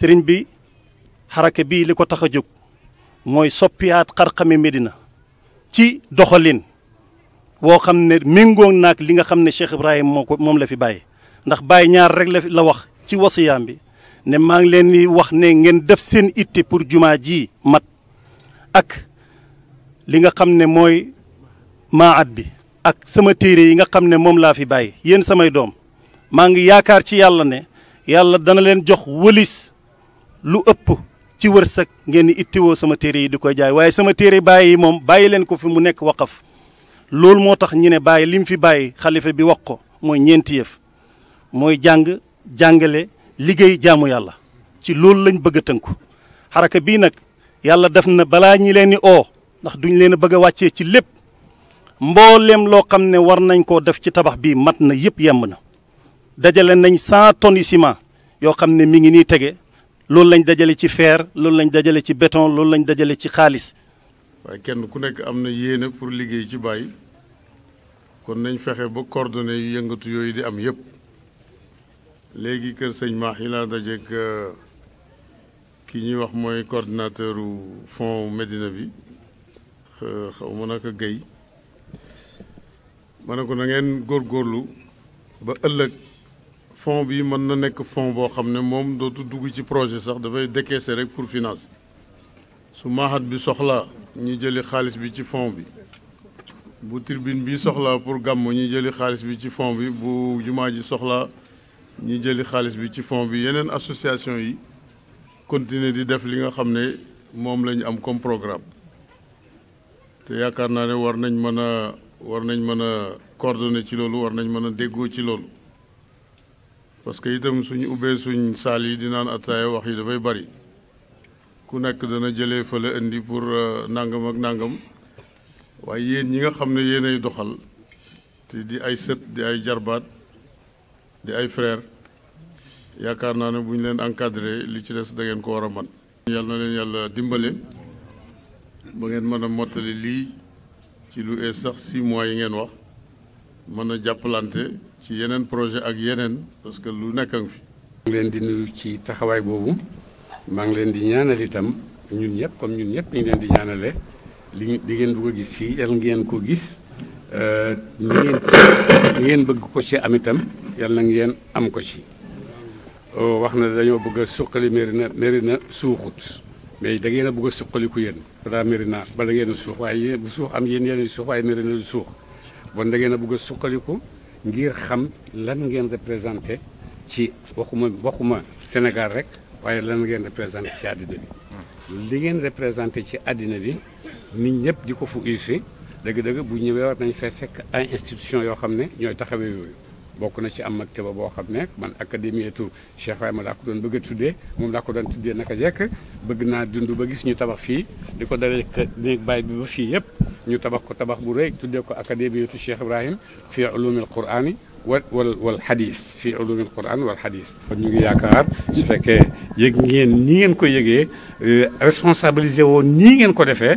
sëriñ bi xaraka bii li ko tax a jóg mooy soppiyaat xarxami Medina ci doxalin woo xam ne méngoo naag li nga xam ne Cheikh Ibrahim moo ko moom la fi bàyyi ndax bàyyi ñaar rek la la wax ci wasiyaam bi ne maa ngi leen di wax ne ngeen def seen itte pour jumaa ji mat ak li nga xam ne mooy maat bi ak sama téere yi nga xam ne moom laa fi bàyyi yéen samay doom maa ngi yaakaar ci yàlla ne yàlla dana leen jox wëlis lu ëpp ci wërsëg ngeen di ittiwoo sama téere yi di koy jaay waaye sama téere bàyyi yi moom bàyyi leen ko fi mu nekk waqaf loolu moo tax ñu ne bàyyi li mu fi bàyyi xalifa bi wax ko mooy ñeenti yëf mooy jàng jàngale liggéey jaamu yàlla ci loolu lañ bëgg a tënku xaraka bii nag yàlla def na balaa ñi leen di oo ndax duñu leen a bëgg a wàccee ci lépp mbooleem loo xam ne war nañ koo def ci tabax bii mat na yëpp yemb na dajale nañ cent tonnes yi yoo xam ne mi ngi nii tege loolu lañ dajale ci feer loolu lañ dajale ci béton loolu lañ dajale ci xaalis. waaye kenn ku nekk am na yéene pour liggéey ci Baye kon nañ fexe ba coordonnées yu yëngatu yooyu di am yëpp léegi kër sëñ Maax yi laa dajeeg euh, ki ñuy wax mooy coordinateur u fond Médina bi euh, xaw ma naka Guèye ma ne ko na ngeen góorgóorlu ba ëllëg. fon bi mën na nekk fonds boo xam ne moom dootu dugg ci projet sax dafay décaisser rek pour finance su maaxat bi soxlaa ñu jëli xaalis bi ci fonds bi bu tribune bi soxlaa pour gàmmu ñu jëli xaalis bi ci fonds bi bu jumaa ji soxlaa ñu jëli xaalis bi ci fonds bi yeneen association yi continuer di def li nga xam ne moom lañu am comme programme te yaakaar naa ne war nañ mën a war nañ mën a coordonner ci loolu war nañ mën a déggoo ci loolu parce que itam suñu ubbee suñ saal yi di naan ataaya wax yi dafay bari ku nekk dana jëlee fële indi pour euh, nangam ak nangam waaye yéen ñi nga xam ne yéenay doxal te di ay sët di ay jarbaat di ay frère yaakaar naa ne bu ñu leen encadré li ci des da ngeen ko war a man yàlla na leen yàlla dimbale ba ngeen mën a mottali lii ci lu ee sax six yi ngeen wax mën a jàppalante ci yenen projet ak yenen parce que lu nek ak fi. maa ngi leen di nuyu ci taxaway bobu maa ngi leen di ñaanal itam ñun ñep comme ñun ñep ñu len di ñaanalé li di ngeen bëgg a gis fi yal ngeen ko gis euh ngeen ci ngeen bëgg ko ci am itam yal na ngeen am ko ci. wax na dañu bëgg suqali merina mais da ngeen bëgg ngeen suux waye bu suux am yeen yeen suux waye merina suux bon da ngeen bëgg ku ngir xam lan ngeen représenté ci waxuma waxuma Sénégal rek waaye lan ngeen représenté ci àddina bi li ngeen représenté ci àddina bi nit ñëpp di ko fu usi dëgg-dëgg bu ñëwee war nañ fay fekk ay institution yoo xam ne ñooy taxawee yooyu bokk na ci am ak teba boo xam ne man académie tu Cheikh Ibrahima laa ko doon bëgg a tuddee moom laa ko doon tuddee naka jekk bëgg naa dund ba gis ñu tabax fii di ko dalee néeg baay bi ba fii yëpp ñu tabax ko tabax bu rëy tuddee ko académiyatu Cheikh Ibrahim fi ulumil qur'ani wal wal wal fi ulumil alquran wal xadis kon ñu ngi yaakaar su fekkee yëg ngeen ni ngeen ko yëgee responsabiliser woon ni ngeen ko defee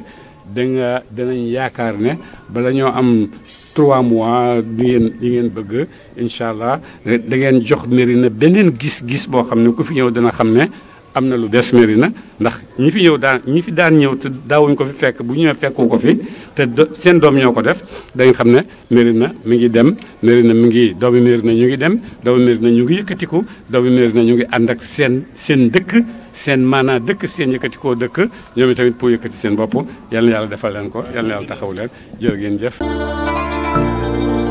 da nga danañ yaakaar ne bala ñoo am 3 mois di ngeen di ngeen bëgg inshallah da ngeen jox Médina beneen gis-gis boo xam ne ku fi ñëw dana xam ne am na lu bees Mérina ndax ñi fi ñëw daan ñi fi daan ñëw te daawuñ ko fi fekk bu ñëwee fekku ko fi te seen doom ñoo ko def dañ xam ne Mérina mi ngi dem Mérina mi ngi doomi Mérina ñu ngi dem doomi Mérina ñu ngi yëkkatiku doomi Mérina ñu ngi ànd ak seen seen dëkk seen maanaa dëkk seen yëkkatikoo dëkk ñoom i tamit pour yëkkati seen bopp yal na yàlla defal leen ko yal na yàlla taxaw leen jërë ngeen jëf